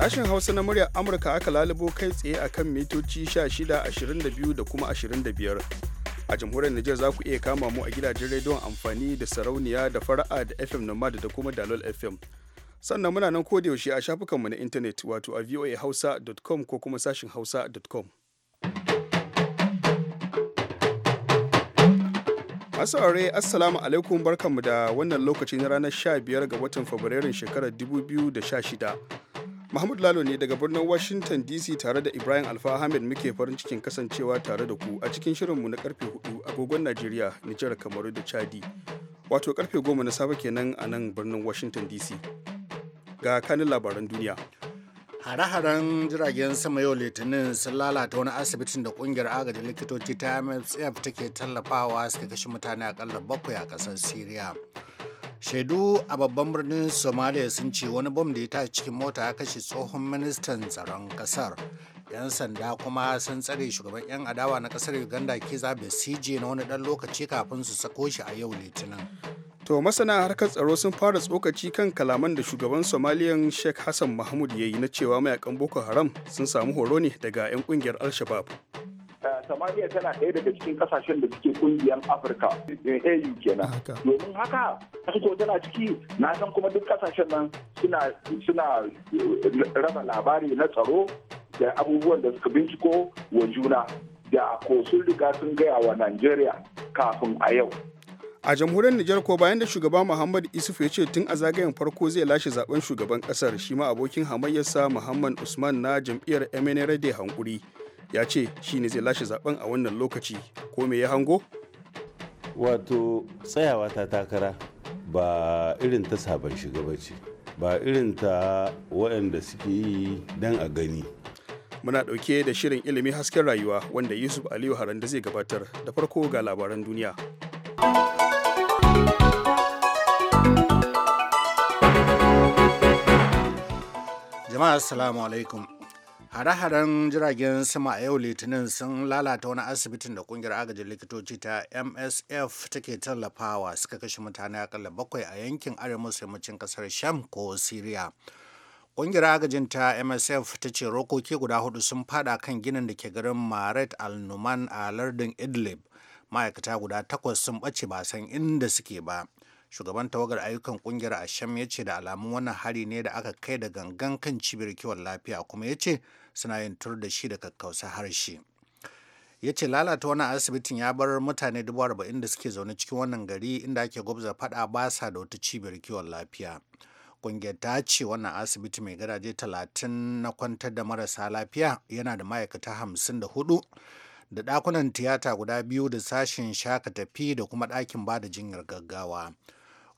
Sashen Hausa na muryar Amurka aka lalubo kai tsaye akan mitoci 16, 22 da kuma 25. A jamhuriyar Nijar za ku iya kama mu a gidajen rediyon amfani da sarauniya da fara'a da FM Nomad da kuma Dalol FM. Sannan muna nan kodayaushe a shafukanmu na intanet wato a voahausa.com ko kuma sashin hausa.com. Asaure Assalamu alaikum barkanmu da wannan lokaci na ranar 15 ga watan Fabrairun shekarar 2016. Mahmud Lalo ne daga birnin Washington DC tare da Ibrahim Alfa Ahmed muke farin cikin kasancewa tare da ku a cikin shirinmu na karfe 4 agogon Najeriya, Nijar, Kamaru da Chadi. Wato karfe 10 na safe kenan a nan birnin Washington DC. Ga kanin labaran duniya. Hare-haren jiragen sama yau Litinin sun lalata wani asibitin da kungiyar agajin likitoci ta MSF take tallafawa suka kashe mutane akalla bakwai a ƙasar Siriya. shaidu a babban birnin somalia sun ce wani bom da ya ta cikin mota ya kashe tsohon ministan tsaron kasar yan sanda kuma sun tsare shugaban yan adawa na kasar uganda ke zabe cj na wani dan lokaci kafin su sako shi a yau litinin to masana harkar tsaro sun fara tsokaci kan kalaman da shugaban somaliyan sheikh hassan mahmud ya yi na cewa mayakan boko haram sun samu horo ne daga 'yan kungiyar al-shabab samaniya tana ɗaya daga cikin kasashen da suke kungiyar afirka eh, au kenan domin haka ko tana ciki na san kuma duk kasashen nan suna suna eh, raba labari na tsaro da abubuwan da suka binciko wa juna da ko sun riga sun gaya wa najeriya kafin a yau a jamhuriyar Nijar ko bayan da shugaba Muhammad Isuf ya ce tun a zagayen farko zai lashe zaben shugaban kasar shima abokin hamayyarsa Muhammad Usman na jam'iyyar MNRD hankuri ya ce shi ne zai lashe zaben a wannan lokaci ko me ya hango wato tsayawa ta takara ba irin ta sabon ba ce ba irin ta waɗanda suke yi don a gani muna ɗauke da shirin ilimi hasken rayuwa wanda yusuf aliyu haranda zai gabatar da farko ga labaran duniya jama'a assalamu alaikum hare-haren jiragen sama a yau litinin sun lalata wani asibitin da kungiyar agajin likitoci ta msf take tallafawa suka kashe mutane akalla bakwai a yankin arewa maso yammacin kasar sham ko syria kungiyar agajin ta MSF ta ce rokoki guda hudu sun fada kan ginin da ke garin Maret al-Numan a lardin Idlib. Ma'aikata guda takwas sun ɓace ba san inda suke ba. shugaban tawagar ayyukan kungiyar asham ya ce da alamun wannan hari ne da aka kai da gangan kan cibiyar kiwon lafiya kuma ya ce suna yin tur da shi da kakkausa harshe ya ce lalata wannan asibitin ya bar mutane dubu arba'in da suke zaune cikin wannan gari inda ake gwabza fada ba sa da wata cibiyar kiwon lafiya kungiyar ta ce wannan asibiti mai gadaje talatin na kwantar da marasa lafiya yana da ma'aikata hamsin da hudu da ɗakunan tiyata guda biyu da sashen shaka tafi da kuma ɗakin da jinyar gaggawa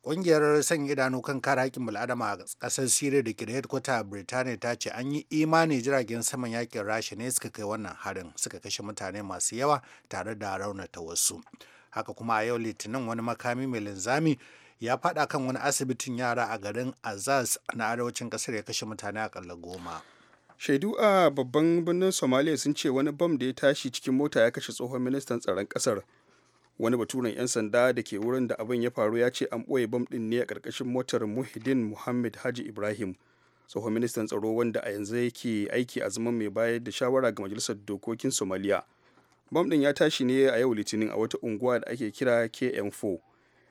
Ƙungiyar sanya idanu kan kare haƙƙin bil'adama a ƙasar Siriya da ke da hedkwata a Birtaniya ta ce an yi imanin jiragen saman yakin Rasha ne suka kai wannan harin suka kashe mutane masu yawa tare da raunata wasu. Haka kuma a yau Litinin wani makami mai linzami ya faɗa kan wani asibitin yara a garin Azaz na arewacin ƙasar ya kashe mutane a ƙalla goma. Shaidu a babban birnin somaliya sun ce wani bam da ya tashi cikin mota ya kashe tsohon ministan tsaron ƙasar. wani baturen 'yan sanda da ke wurin da abin ya faru ya ce an ɓoye bam ɗin ne a ƙarƙashin motar muhiddin muhammad haji ibrahim tsohon ministan tsaro wanda a yanzu yake aiki a zaman mai bayar da shawara ga majalisar dokokin somaliya bam ɗin ya tashi ne a yau litinin a wata unguwa da ake kira km4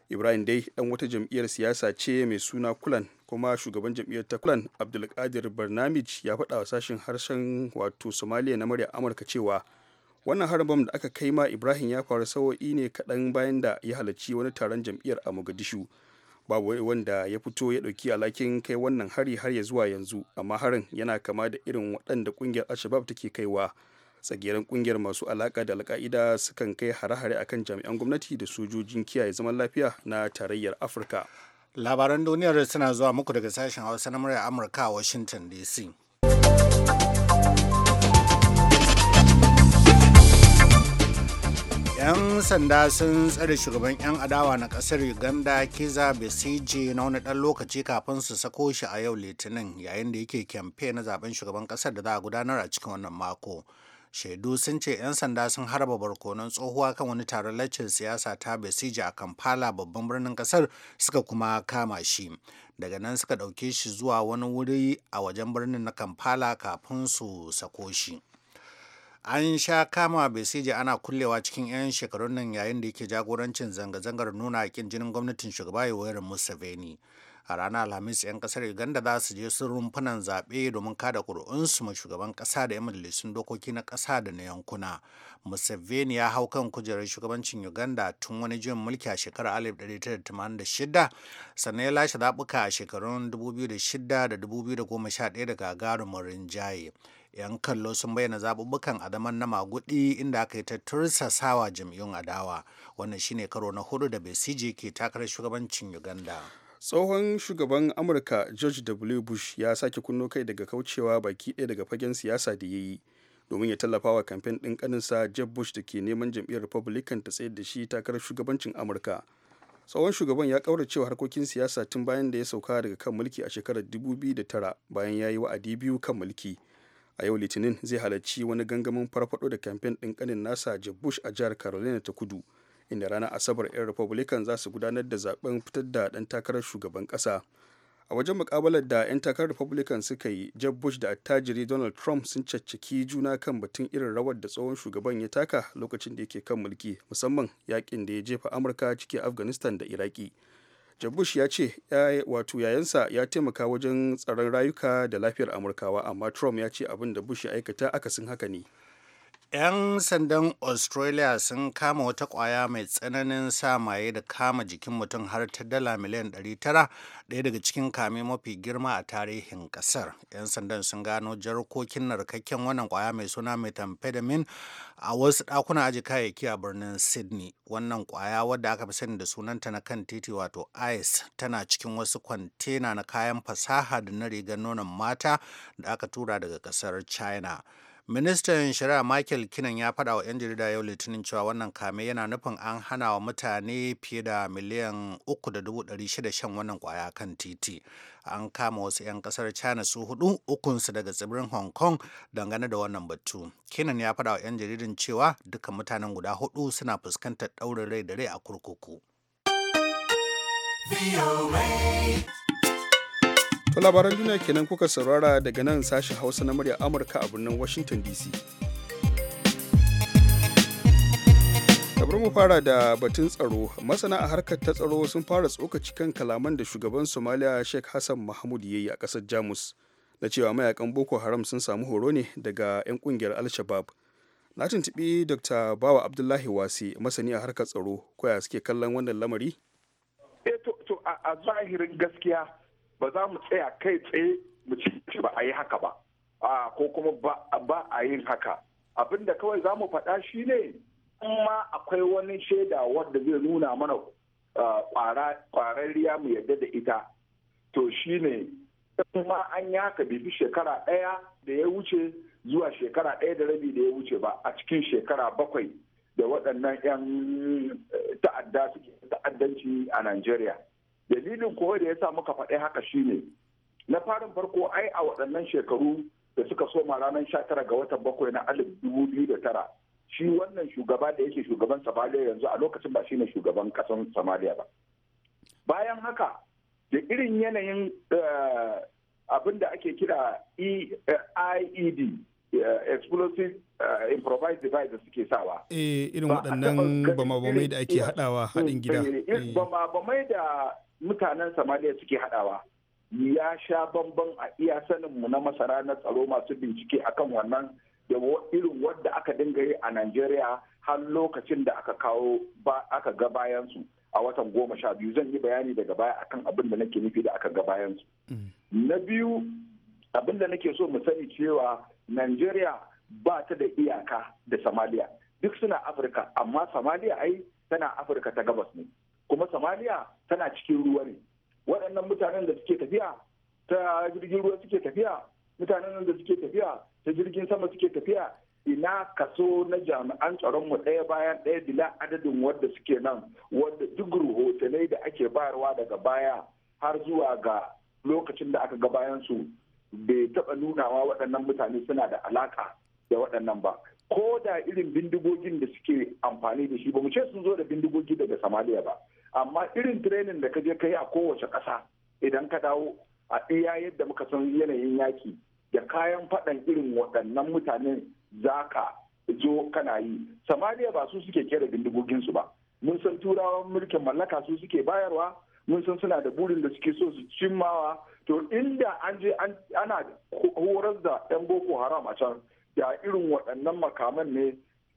ibrahim dai dan wata jam'iyyar siyasa ce mai suna kulan kuma shugaban jam'iyyar ta kulan abdulkadir barnamij ya faɗa wa sashen harshen wato somaliya na murya amurka cewa wannan harin bom da aka kai ma ibrahim ya faru sawo'i ne kaɗan bayan da ya halarci wani taron jam'iyyar a mogadishu babu wanda ya fito ya ɗauki alakin kai wannan hari har ya zuwa yanzu amma harin yana kama da irin waɗanda ƙungiyar alshabab take kaiwa tsageren ƙungiyar masu alaƙa da alƙa'ida sukan kai hare-hare akan jami'an gwamnati da sojojin kiyaye zaman lafiya na tarayyar afirka labaran duniyar suna zuwa muku daga sashen hausa na murya amurka a washington dc 'yan sanda sun tsare shugaban 'yan adawa na kasar uganda kiza besiji na wani ɗan lokaci kafin su sako shi a yau litinin yayin da yake kyamfe na zaben shugaban ƙasar da za a gudanar a cikin wannan mako shaidu sun ce 'yan sanda sun harba barkonon tsohuwa kan wani taron lacin siyasa ta besiji a kampala babban birnin ƙasar suka kuma kama shi daga nan suka ɗauke shi zuwa wani wuri a wajen birnin na kampala kafin su sako shi an sha kama besiji ana kullewa cikin 'yan shekarun nan yayin da yake jagorancin zanga-zangar nuna kin jinin gwamnatin shugaba yoweri museveni a ranar alhamis 'yan kasar uganda za su je sun rumfunan zaɓe domin kada ƙuri'unsu ma shugaban ƙasa da 'yan majalisun dokoki na ƙasa da na yankuna museveni ya hau kan kujerar shugabancin uganda tun wani jin mulki a shekarar 1986 sannan ya lashe zaɓuka a shekarun 2006 da 2011 da gagarumin rinjaye 'yan kallo sun bayyana zaɓuɓɓukan adaman na magudi inda aka yi ta sawa jam'iyyun adawa wannan shine karo na hudu da besiji ke takarar shugabancin uganda tsohon shugaban amurka george w bush ya sake kunno kai daga kaucewa baki ɗaya daga fagen siyasa da ya yi domin ya tallafa wa kamfen ɗin ƙaninsa jeb bush da ke neman jam'iyyar republican ta tsayar da shi takarar shugabancin amurka tsohon shugaban ya kauracewa harkokin siyasa tun bayan da ya sauka daga kan mulki a shekarar 2009 bayan ya yi wa'adi biyu kan mulki a yau litinin zai halarci wani gangamin farfado da kamfen ɗin ƙanin nasa jeb bush a jihar carolina ta kudu inda ranar asabar 'yan republican za su gudanar da zaben fitar da ɗan takarar shugaban ƙasa a wajen mukabalar da 'yan takarar republican suka yi jeb bush da attajiri donald trump sun cacciki juna kan batun irin rawar da tsohon shugaban ya taka lokacin da yake kan mulki musamman yakin da ya jefa amurka ciki afghanistan da iraki jeb ya ce wato yayansa ya taimaka wajen tsaron rayuka da lafiyar amurkawa amma trump ya ce abin da bush ya aikata akasin haka ne 'yan sandan australia sun kama wata kwaya mai tsananin sa maye da kama jikin mutum har ta dala miliyan 900 ɗaya daga cikin kame mafi girma a tarihin ƙasar 'yan sandan sun gano jarkokin narkakken wannan kwaya mai suna methamphetamine a wasu ɗakunan aji kayayyaki a birnin sydney wannan kwaya wadda aka fi sani da sunanta na kan titi wato ice tana cikin wasu kwantena na kayan fasaha da na rigar nonon mata da aka tura daga ƙasar china ministan shari'a michael kinan ya faɗa wa 'yan jarida yau litinin cewa wannan kame yana nufin an hana wa mutane fiye da miliyan 3,600 shan wannan kwaya kan titi an kama wasu 'yan kasar china su hudu ukunsu daga tsibirin hong kong dangane da wannan batu kinan ya faɗa wa 'yan jaridan cewa dukkan mutanen guda hudu suna fuskantar ɗaurin rai da rai a kurkuku To labaran duniya kenan kuka saurara daga nan sashen Hausa na murya Amurka a birnin Washington DC. Kabar mu fara da batun tsaro masana a harkar ta tsaro sun fara tsokaci kan kalaman da shugaban somaliya sheikh hassan mahmud ya yi a kasar jamus na cewa mayakan boko haram sun samu horo ne daga 'yan kungiyar al-shabab na tuntubi dr bawa abdullahi wasi masani a harkar tsaro koya suke kallon wannan lamari eh, to a zahirin gaskiya ba za mu tsaya kai tsaye mu ci ba a yi haka ba ko kuma ba a yin haka abinda kawai za mu faɗa shi ne in ma akwai wani shaida wanda zai nuna mana kwararriya mu yadda da ita to shi ne ma an yi haka bibi shekara ɗaya da ya wuce zuwa shekara ɗaya da rabi da ya wuce ba a cikin shekara bakwai da waɗannan 'yan eh, ta'adda ta'addanci a Najeriya. dalilin kowa da ya sa muka faɗi haka shine na farin farko ai a waɗannan shekaru da suka soma ranar sha ga watan bakwai na alif dubu biyu da tara shi wannan shugaba da yake shugaban samaliya yanzu a lokacin ba shine shugaban ƙasan samaliya ba bayan haka da irin yanayin eh, abin da ake kira e ied eh, explosive eh, improvised device da suke sawa eh irin waɗannan bama-bamai da ake haɗawa haɗin gida bama-bamai da mutanen Somalia suke hadawa ya sha bamban a iya saninmu na masara na tsaro masu bincike akan wannan da irin wadda aka dinga yi a Najeriya har lokacin da aka kawo ba aka ga bayan su a watan goma sha biyu zan yi bayani daga baya akan abin da nake nufi da aka ga bayan su. Mm. Na biyu abin da nake so mu sani cewa Najeriya ba ta da iyaka da Somalia duk suna Afirka amma Somalia ai tana Afirka ta gabas ne. kuma samaniya tana cikin ruwa ne waɗannan mutanen da suke tafiya ta jirgin ruwa suke tafiya mutanen da suke tafiya ta jirgin sama suke tafiya ina kaso na jami'an tsaron mu ɗaya bayan ɗaya bila adadin wadda suke nan wadda duk rahotanai da ake bayarwa daga baya har zuwa ga lokacin da aka ga bayan su bai taɓa nunawa waɗannan mutane suna da alaka da waɗannan ba ko da irin bindigogin da suke amfani da shi ba mu ce sun zo da bindigogi daga samaliya ba amma irin training da ka je ka a kowace ƙasa idan ka dawo a iya yadda muka san yanayin yaki da kayan faɗan irin waɗannan mutanen za ka zo kana yi samariya ba su suke kera su ba mun san turawan mulkin mallaka su suke bayarwa mun san suna da burin da suke so su cimmawa to inda an je ana horar da 'yan boko haram a can da irin waɗannan makaman ne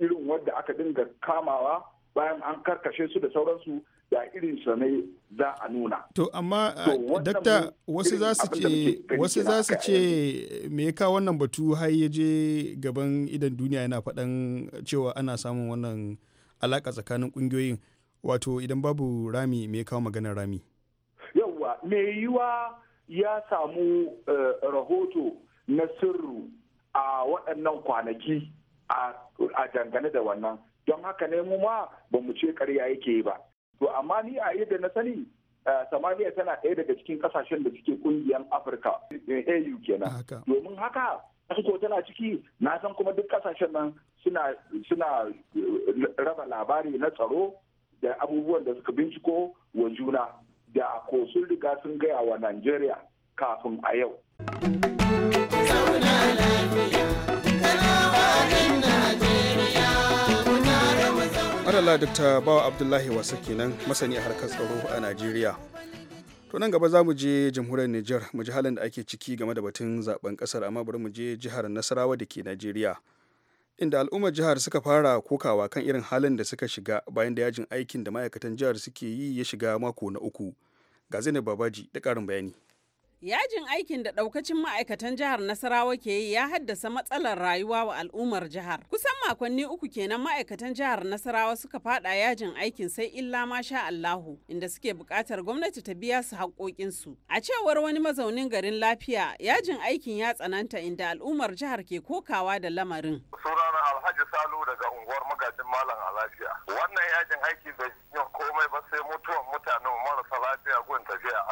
irin wadda aka dinga kamawa bayan an karkashe su da sauransu da irin sa ne za a nuna. To amma ah, dakta wasu za su ce wasu za su ce me ya kawo wannan batu har ya je gaban idan duniya yana faɗan cewa ana samun wannan alaƙa tsakanin ƙungiyoyin wato idan babu rami me ya kawo maganar rami. Yawwa me yiwa ya samu eh, rahoto na sirru a waɗannan kwanaki a dangane da wannan don haka ne mu ma ba mu ce karya yake ba to amma ni a yadda na sani eh, samaniya tana ɗaya daga cikin kasashen da suke ƙungiyar afirka eh, au kenan domin haka asuko tana ciki na san kuma duk kasashen nan suna suna eh, raba labari na tsaro da abubuwan da suka binciko wa juna da ko sun riga sun gaya wa najeriya kafin a yau. Allah dr bawa abdullahi wasa kenan masani a harkar tsaro a najeriya to nan gaba za mu je jamhuriyar nijar mu ji halin da ake ciki game da batun zaben kasar amma bari mu je jihar nasarawa da ke najeriya inda al'ummar jihar suka fara kokawa kan irin halin da suka shiga bayan da yajin aikin da ma'aikatan jihar suke yi ya shiga mako na uku ga zainab babaji da karin bayani Yajin aikin da daukacin ma'aikatan jihar Nasarawa ke yi ya haddasa matsalar rayuwa wa al'ummar jihar. Kusan makonni uku kenan ma'aikatan jihar Nasarawa suka fada yajin aikin sai illa ma sha Allahu inda suke bukatar gwamnati ta biya su haƙoƙinsu. A cewar wani mazaunin garin lafiya yajin aikin ya tsananta inda al'ummar jihar ke kokawa da lamarin. Sunana Alhaji Salu daga unguwar magajin Malam a lafiya. Wannan yajin aiki bai komai ba sai mutuwan mutanen marasa lafiya gun tafiya.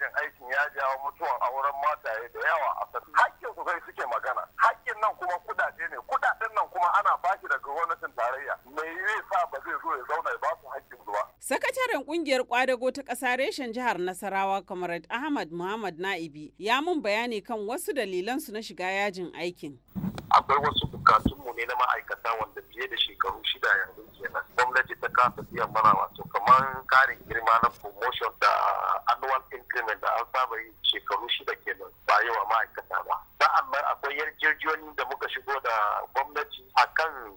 yajin aikin ya jawo mutuwan auren mataye da yawa a sassan hakkin su sai suke magana hakkin nan kuma kudade ne kudaden nan kuma ana bashi daga gwamnatin tarayya mai yi sa ba zai zo ya zauna ya ba su hakkin su ba sakataren kungiyar kwadago ta ƙasa reshen jihar nasarawa kamarad ahmad muhammad na'ibi ya mun bayani kan wasu dalilan su na shiga yajin aikin akwai wasu bukatunmu ne na ma'aikata wanda fiye da shekaru shida yanzu kenan gwamnati ta kasa biyan mana wato kamar karin girma na promotion da annual increment da an saba yi shekaru shida kenan ba yawa ma'aikata ba sa'an nan akwai yarjejiyoni da muka shigo da gwamnati akan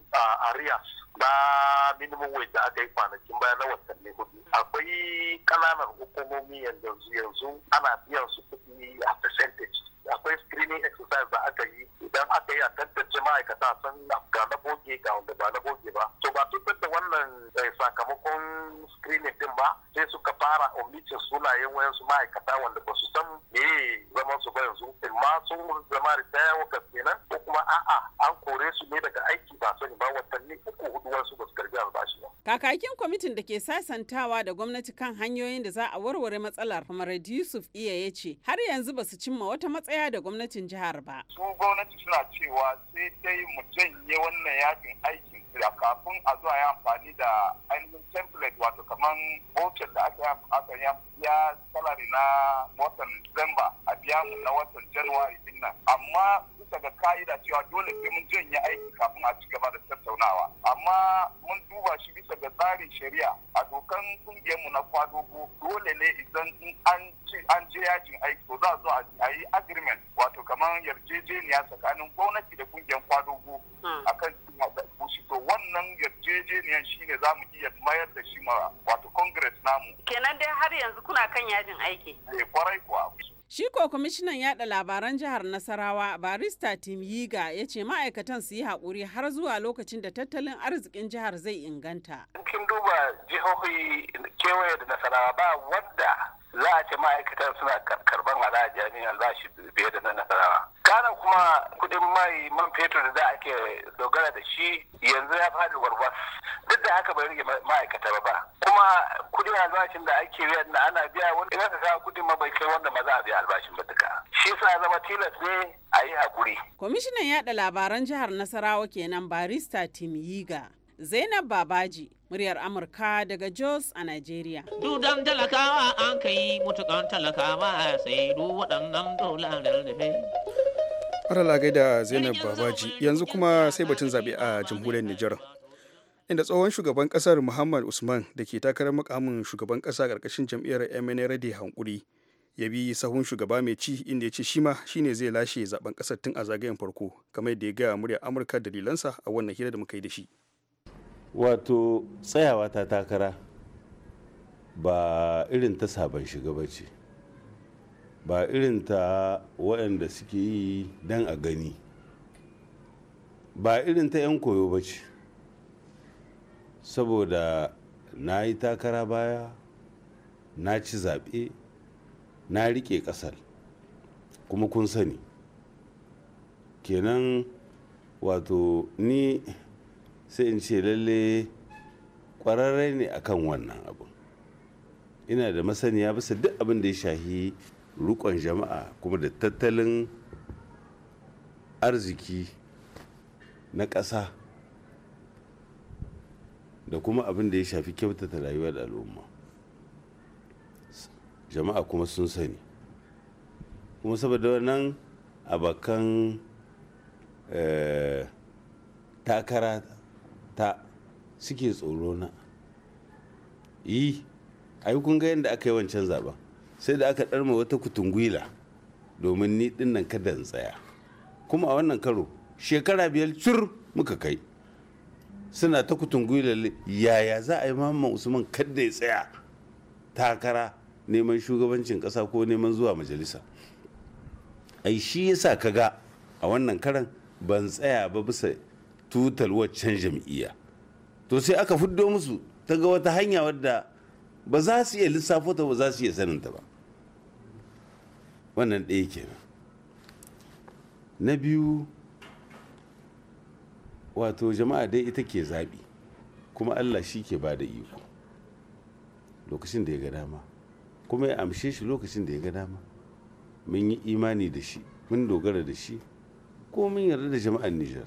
arias na minimum wage da aka yi kwanakin baya na watanni hudu akwai kananan hukumomi yanzu yanzu ana biyan su kuɗi a percentage akwai screening exercise da aka yi idan aka yi a tantance ma'aikata sun ga na goge ga wanda ba na goge ba to ba fitar da wannan eh, sakamakon screening din ba sai suka fara omitin sunayen su ma'aikata wanda ba su san me zaman su ba yanzu in ma sun zama ritaya wakas nan ko kuma a'a an kore su ne daga aiki ba sani ba watanni uku hudu wasu ba su karbi albashi ba. Kakakin kwamitin da ke sasantawa da gwamnati kan hanyoyin da za a warware matsalar kamar Yusuf Iya ya ce har yanzu ba su cimma wata matsaya da gwamnatin jihar ba. Su gwamnati suna cewa sai dai mu janye wannan yakin aikin da kafin a zuwa ya amfani da ainihin template wato kamar voucher da aka yi ya salari na watan December a biya mu na watan January din nan amma bisa ga ka'ida cewa dole sai mun janye aiki kafin a ci gaba da tattaunawa amma mun duba shi bisa ga tsarin shari'a a dokan kungiyarmu na kwadogo dole ne idan an je yajin aiki to za a zo a yi agri kamar yarjejeniya tsakanin gwamnati da kungiyar kwadogo hmm. a kan to wannan yarjejeniyan shine za mu iya mayar da shi ma wato congress namu kenan dai har yanzu kuna kan yajin aiki eh kwarai kuwa Shi ko kwamishinan yada labaran jihar Nasarawa barista Tim Yiga ya ce ma'aikatan su yi haƙuri har zuwa lokacin da tattalin arzikin jihar zai inganta. Kin duba jihohi kewaye da Nasarawa ba wadda za a ce ma'aikatan suna karban a amin albashi biye da na nasarawa kana kuma kudin mai man fetur da ake dogara da shi yanzu ya fadi warwas duk da haka bai rage ma'aikata ba kuma kudin albashin da ake biya na ana biya wani ina aka kudin ma bai kai wanda ma za a biya albashin ba duka shi sa zama tilas ne a yi hakuri. kwamishinan yaɗa labaran jihar nasarawa kenan barista tim yiga Zainab Babaji, muryar Amurka daga Jos a Najeriya. Dudan talakawa an yi mutukan talakawa sai du waɗannan dolar da Arala da Zainab Babaji yanzu kuma sai batun zaɓe a jamhuriyar Nijar. Inda tsohon shugaban ƙasar Muhammad Usman da ke takarar mukamin shugaban ƙasa ƙarƙashin jam'iyyar MNR da hankuri ya bi sahun shugaba mai ci inda ya ce shi ma shine zai lashe zaben ƙasar tun a zagayen farko kamar da ya gaya murya Amurka dalilansa a wannan hira da muka yi da shi. wato tsayawa ta takara ba irin ta sabon shiga ba ce ba irin ta waɗanda suke yi don a gani ba irin ta 'yan koyo ba ce saboda na yi takara baya na ci zaɓe na riƙe ƙasar kuma kun sani kenan wato ni sai in ce lalle kwararre ne akan wannan abu ina da masaniya bisa duk abin da ya shahi rukon jama'a kuma da tattalin arziki na ƙasa da kuma abin da ya shafi kyautata rayuwar al'umma jama'a kuma sun sani kuma saboda wannan abakan eh, takara ta suke tsoro na yi ai kun ga yadda aka yi wancan zaben sai da aka ɗarma wata kutungwila domin ni ɗin nan kada tsaya kuma a wannan karo shekara biyar cur muka kai suna ta kutungwila yaya za a yi mamman usman kada ya tsaya takara neman shugabancin ƙasa ko neman zuwa majalisa ai shi yasa kaga a wannan karan ban tsaya ba bisa tutar waccan jam'iyya to sai aka fuddo musu ta ga wata hanya wadda ba za su iya lissafo ta ba za su iya saninta ba wannan ɗaya kenan na biyu wato jama'a dai ita ke zaɓi kuma allah shi ke ba da iko lokacin da ya ga dama kuma ya amshe shi lokacin da ya ga dama mun yi imani da shi mun dogara da shi ko mun yarda da jama'ar nijar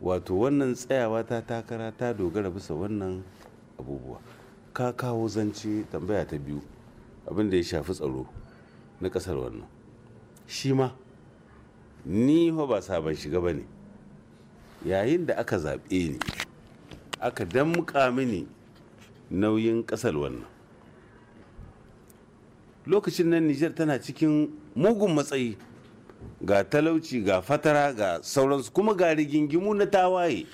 wato wannan tsayawa ta takara ta dogara bisa wannan abubuwa ka kawo zance tambaya ta biyu abinda ya shafi tsaro na kasar wannan shi ma ni fa ba sabon shiga ba ne yayin da aka zaɓe ni aka damƙa mini nauyin ƙasar wannan lokacin nan nijar tana cikin mugun matsayi ga talauci ga fatara ga sauransu kuma ga rigingimu na tawaye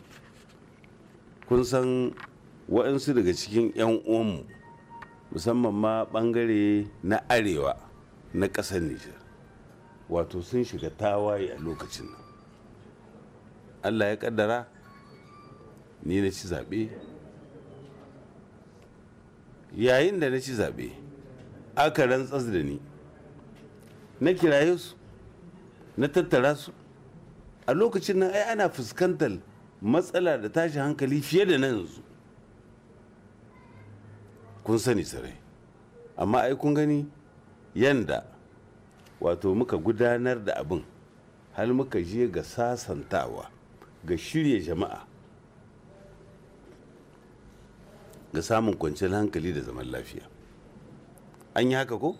kun san waɗansu daga cikin 'yan uwanmu musamman ma ɓangare na arewa na ƙasar nijar wato sun shiga tawaye a lokacin nan allah ya kaddara ni na ci zaɓe yayin da na ci zaɓe aka rantsas da ni na kiraye su na tattara su a lokacin nan ai ana fuskantar matsala da tashi hankali fiye da na yanzu kun sani sarai amma ai kun gani yanda wato muka gudanar da abin har muka je ga sasantawa ga shirya jama'a ga samun kwanciyar hankali da zaman lafiya an yi haka ko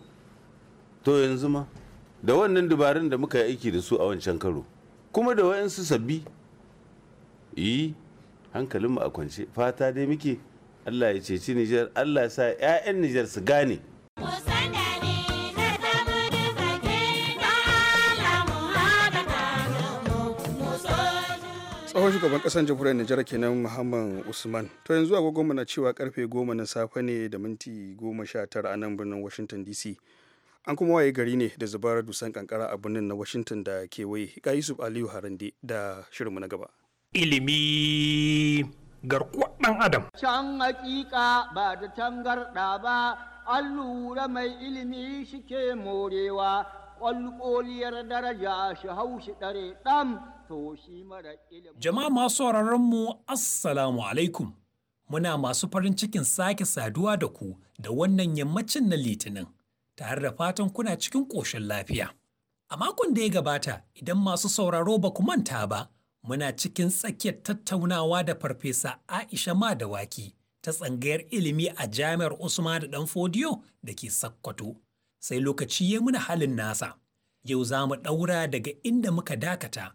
to yanzu ma da wannan dabarun da muka yi aiki da su a wancan karo kuma da wa'yansu sabbi yi hankalinmu a kwance fata dai muke allah ya ceci nijar allah ya sa 'ya'yan nijar su gane tsohon shugaban kasan jamhuriyar nijar kenan muhammad usman to yanzu agogonmu na cewa karfe goma na safe ne da minti goma sha tara a nan birnin washington dc an kuma waye gari ne da zubar dusan kankara a birnin na washington da kewaye ga yusuf aliyu harande da shirinmu na gaba ilimi garkuwar dan adam can hakika ba da tangarda ba allura mai ilimi shike morewa kwalkoliyar daraja shi haushi dare dam to shi mara ilimi jama'a masu mu assalamu alaikum muna masu farin cikin sake saduwa da ku da wannan yammacin na litinin tare da fatan kuna cikin ƙoshin lafiya. A makon da ya gabata, idan masu sauraro ba ku manta ba, muna cikin tsakiyar tattaunawa da Farfesa Aisha ma da Madawaki ta tsangayar ilimi a Jami'ar Usman da Danfodiyo da ke Sakkwato. Sai lokaci ya muna halin nasa. Yau za mu ɗaura daga inda muka dakata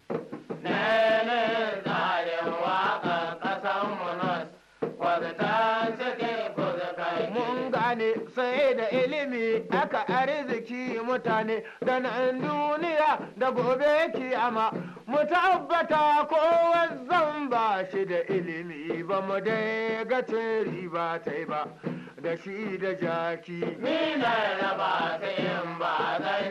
mutane da an duniya da gobe kiyama mu tabbata ko zan ba shi da ilimi ba mu dai ga riba ta ba da shi da jaki ni na ta yin ba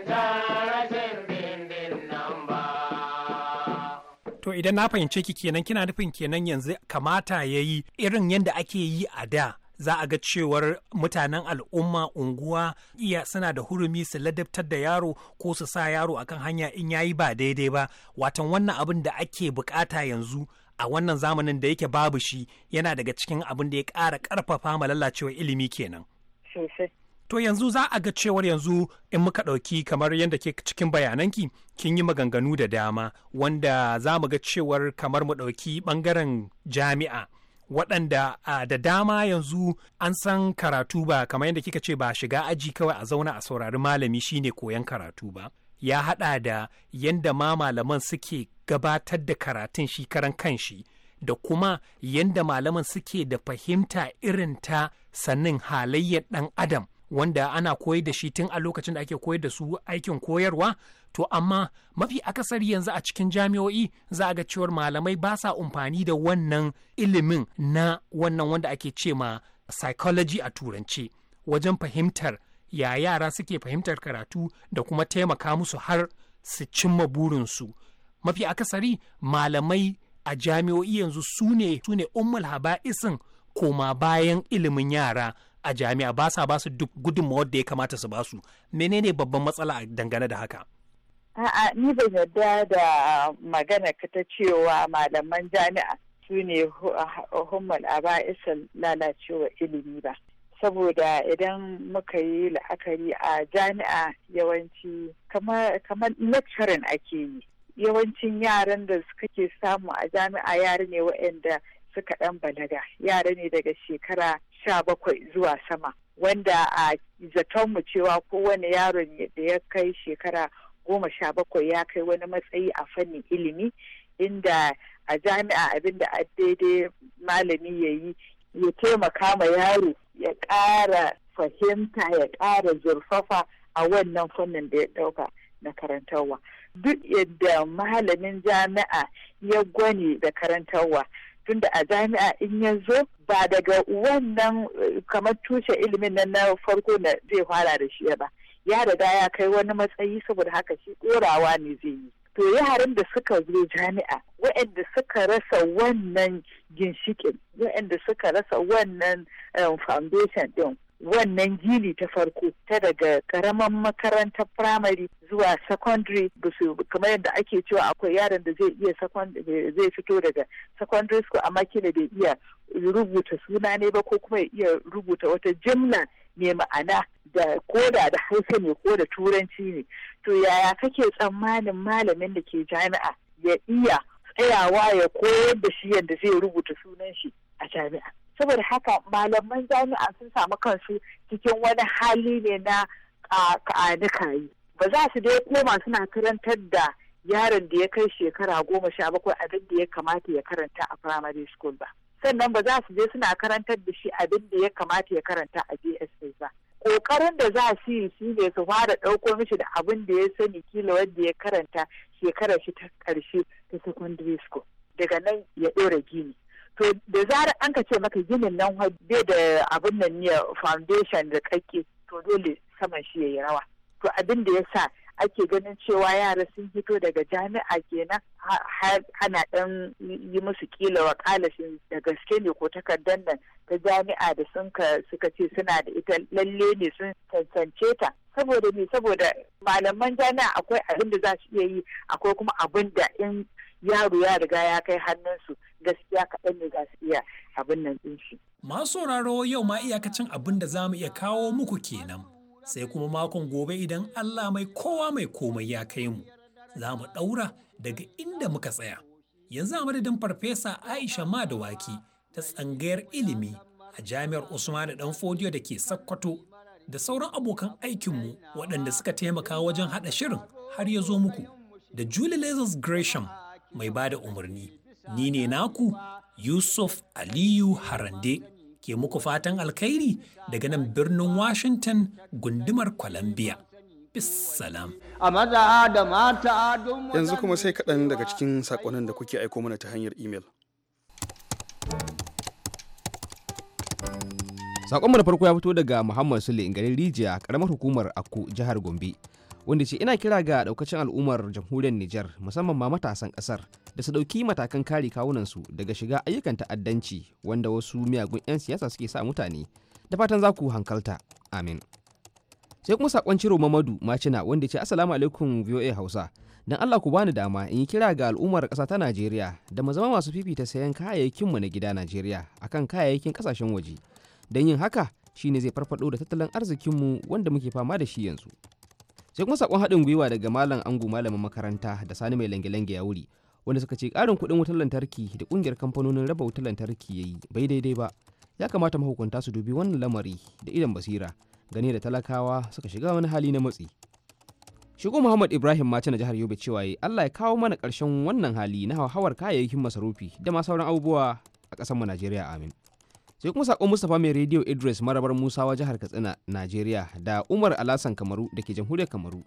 zan rashin dindin nan ba to idan na fahimce ki kenan kina nufin kenan yanzu kamata yayi irin yadda ake yi a da za a ga cewar mutanen al'umma unguwa iya suna da hurumi su ladabtar da yaro ko su sa yaro akan hanya in yayi ba daidai ba watan wannan abin da ake bukata yanzu a wannan zamanin da yake babu shi yana daga cikin abin da ya ƙara ƙarfafa ma lalacewar ilimi kenan. To yanzu za a ga cewar yanzu in muka ɗauki kamar yadda ke cikin bayananki kin yi maganganu da dama wanda za mu ga cewar kamar mu ɗauki ɓangaren jami'a waɗanda da dama yanzu an san karatu ba kamar yadda kika ce ba shiga aji kawai a zauna a saurari malami shine koyan karatu ba ya haɗa da yadda ma malaman suke gabatar da karatun shi karan kanshi da kuma yadda malaman suke da fahimta irin ta sannin halayyar ɗan adam wanda ana koyar da shi tun a lokacin da ake koyar da su aikin koyarwa to amma mafi akasari yanzu a cikin jami'o'i za a ga cewar malamai ba sa amfani da wannan ilimin na wannan wanda ake ce ma psychology a turance wajen fahimtar ya yara suke fahimtar karatu da kuma taimaka musu har su cimma burinsu mafi akasari malamai a jami'o'i yanzu su ne su ne ummul haba'isin koma bayan ilimin yara a jami'a ba sa ba su duk gudunmawar da ya kamata su basu menene babban matsala dangane da haka A'a, ni ban yarda da magana ka ta cewa malaman jami'a su ne hummal ah, isa lalacewa ilimi ba. Saboda idan muka yi la'akari a jami'a yawanci kamar lecturing ake yi. Yawancin yaran da kake samu a jami'a yara ne waɗanda suka ɗan balaga, yara ne daga shekara sha bakwai zuwa sama. Wanda a zaton mu cewa kowane yaron da ya kai shekara goma sha bakwai ya kai wani matsayi a fannin ilimi inda a jami'a abin da daidai malami ya yi ya taimaka ma yaro ya ƙara fahimta ya kara zurfafa a wannan fannin da ya ɗauka na karantarwa duk yadda malamin jami'a ya gwani da karantarwa tunda a jami'a in ya zo ba daga wannan eh, kamar tushe ilimin nan na farko na zai fara da shi ba ya riga ya kai wani matsayi saboda haka shi korawa ne zai yi to yaran da suka zo jami'a waɗanda suka rasa wannan ginshikin waɗanda suka rasa wannan um, foundation ɗin wannan gini ta farko ta daga karaman makarantar firamare zuwa secondary bisu kamar yadda ake cewa akwai yaran da zai iya zai fito daga secondary school amma kila bai iya rubuta suna ne ba ko kuma iya rubuta wata jimla mai ma'ana da koda da hausa ne ko da turanci ne to yaya kake tsammanin malamin da ke jami'a ya iya tsayawa ya koyar da shi yadda zai rubuta sunan shi a jami'a saboda haka malaman jami'a sun samu kansu cikin wani hali ne na ka'anikayi ba za su dai koma suna karantar da yaron da ya kai shekara goma sha bakwai abinda ya kamata ya karanta a primary school ba sannan ba za su je suna karantar da shi abin da ya kamata ya karanta a JSA ba. kokarin da za su yi shi ne su fara ɗauko mishi da abin da ya sani kila wanda ya karanta shekarar shi ta ƙarshe ta secondary school. Daga nan ya ɗora gini. To da zarar an ka ce maka ginin nan bai da abin nan ne foundation da kake to dole saman shi ya yi rawa. To abin da ya sa ake ganin cewa yara sun hito daga jami'a kenan har ana dan yi musu kila shi da gaske ne ko takardar nan ta jami'a da sun suka ce suna da ita lalle ne sun cancance ta saboda ne saboda malaman jami'a akwai abin da za su iya yi akwai kuma abin da in yaro ya riga ya kai hannunsu gaskiya kaɗan ne za su iya abin nan ɗin shi. Masu sauraro yau ma iyakacin abin da za mu iya kawo muku kenan. sai kuma makon gobe idan Allah mai kowa mai komai ya kai mu za mu ɗaura daga inda muka tsaya yanzu a madadin farfesa aisha ma da madawaki ta tsangayar ilimi a jami'ar usman da fodiyo da ke sakkwato da sauran abokan aikinmu waɗanda suka taimaka wajen haɗa shirin har ya zo muku da julie lazarus gresham mai ba da umarni ni ne naku yusuf aliyu harande ke muku fatan alkhairi daga nan birnin Washington gundumar Columbia. Bissalam. A maza da mata Yanzu kuma sai kaɗan daga cikin saƙonan da kuke aiko mana ta hanyar imel. Saƙonmu da farko ya fito daga Muhammad Sule ingarin Rijiya, ƙaramar hukumar Akku, jihar Gombe. wanda ce ina kira ga daukacin al'ummar jamhuriyar Nijar musamman ma matasan kasar da su dauki matakan kare kawunansu daga shiga ayyukan ta'addanci wanda wasu miyagun 'yan siyasa suke sa mutane da fatan za ku hankalta amin sai kuma sakon ciro mamadu macina wanda ce assalamu alaikum voa hausa dan allah ku bani dama in yi kira ga al'ummar ƙasa ta najeriya da mu zama masu fifita sayan kayayyakin mu na gida najeriya akan kayayyakin ƙasashen waje don yin haka shine zai farfado da tattalin arzikinmu wanda muke fama da shi yanzu sai kuma sakon haɗin gwiwa daga malam angu malamin makaranta da sani mai lange-lange ya wuri wanda suka ce ƙarin kuɗin wutar lantarki da ƙungiyar kamfanonin raba wutar lantarki ya yi bai daidai ba ya kamata mahukunta su dubi wannan lamari da idan basira gani da talakawa suka shiga wani hali na matsi shigo muhammad ibrahim mace na jihar yobe cewa allah ya kawo mana karshen wannan hali na hauhawar kayayyakin masarufi da ma sauran abubuwa a ƙasar mu najeriya amin sai kuma sakon mustapha mai rediyo idris marabar musawa jihar katsina nigeria da umar alasan kamaru da ke jamhuriyar kamaru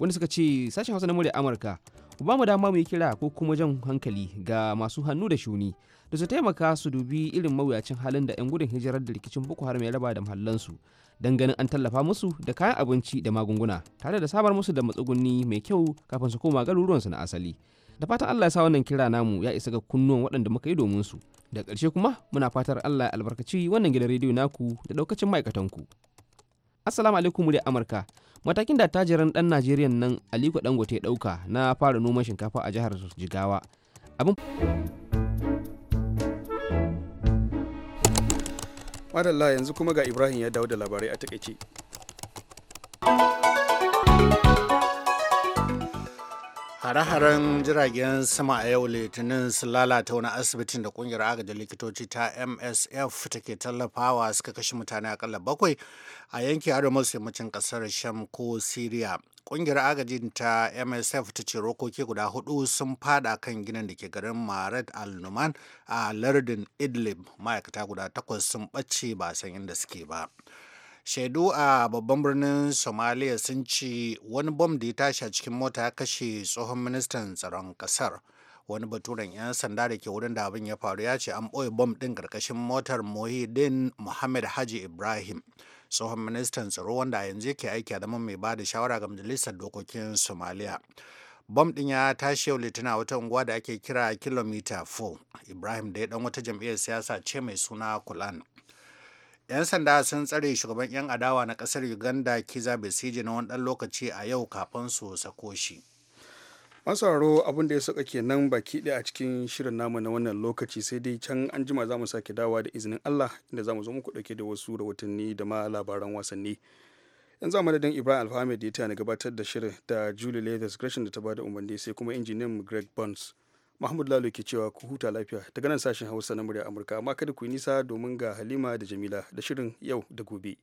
wanda suka ce sashen hausa na murya amurka ku ba mu dama mu yi kira ko kuma jan hankali ga masu hannu da shuni da su taimaka su dubi irin mawuyacin halin da 'yan gudun hijirar da rikicin boko haram ya raba da muhallansu don ganin an tallafa musu da kayan abinci da magunguna tare da samar musu da matsuguni mai kyau kafin su koma garuruwansu na asali da fatan Allah ya sa wannan kira namu ya isa ga kunnuwan waɗanda muka yi domin su da ƙarshe kuma muna fatar Allah ya albarkaci wannan gidan rediyo naku da ɗaukacin ma'aikatanku assalamu alaikum muryar amurka matakin da tajiran ɗan najeriya nan aliko dangote ya ɗauka na fara noman shinkafa a jihar jigawa abin madalla yanzu kuma ga ibrahim ya dawo da labarai a takaice Hare-haren jiragen sama a yau litinin sun lalata wani asibitin da kungiyar agajin likitoci ta MSF take tallafawa suka kashe mutane akalla bakwai a yankin arewa masu yammacin kasar Sham ko Syria. Kungiyar agajin ta MSF ta ce rokoki guda hudu sun fada kan ginin da ke garin Marat al-Numan a lardin Idlib ma'aikata guda takwas sun ɓace ba san inda suke ba. shaidu a babban birnin somaliya sun ce wani bom da ya tashi a cikin mota ya kashe tsohon ministan tsaron kasar wani baturen 'yan sanda da ke wurin da abin ya faru ya ce an ɓoye bom ɗin karkashin motar mohidin muhammad haji ibrahim tsohon ministan tsaro wanda yanzu yake aiki a zama mai ba shawara ga majalisar dokokin somaliya bom ɗin ya tashi yau litinin wata unguwa da ake kira kilomita 4 ibrahim da ya ɗan wata jam'iyyar siyasa ce mai suna kulan 'Yan sanda sun tsare shugaban 'yan adawa na kasar Uganda Kiza Besigye na wani dan lokaci a yau kafin su sako shi. masararo abinda da ya saka kenan baki ɗaya a cikin shirin namu na wannan lokaci sai dai can an jima za mu sake dawa da izinin Allah inda za mu zo muku ɗauke da wasu rahotanni da ma labaran wasanni. yan zama madadin Ibrahim Alfahamid ya tana gabatar da shirin da Julie Leathers Gresham da ta bada umarni sai kuma injiniyan Greg Burns. Mahmud Lalo ke cewa ku huta lafiya daga nan sashen Hausa na murya Amurka amma kada ku yi nisa domin ga Halima da Jamila da shirin yau da gobe.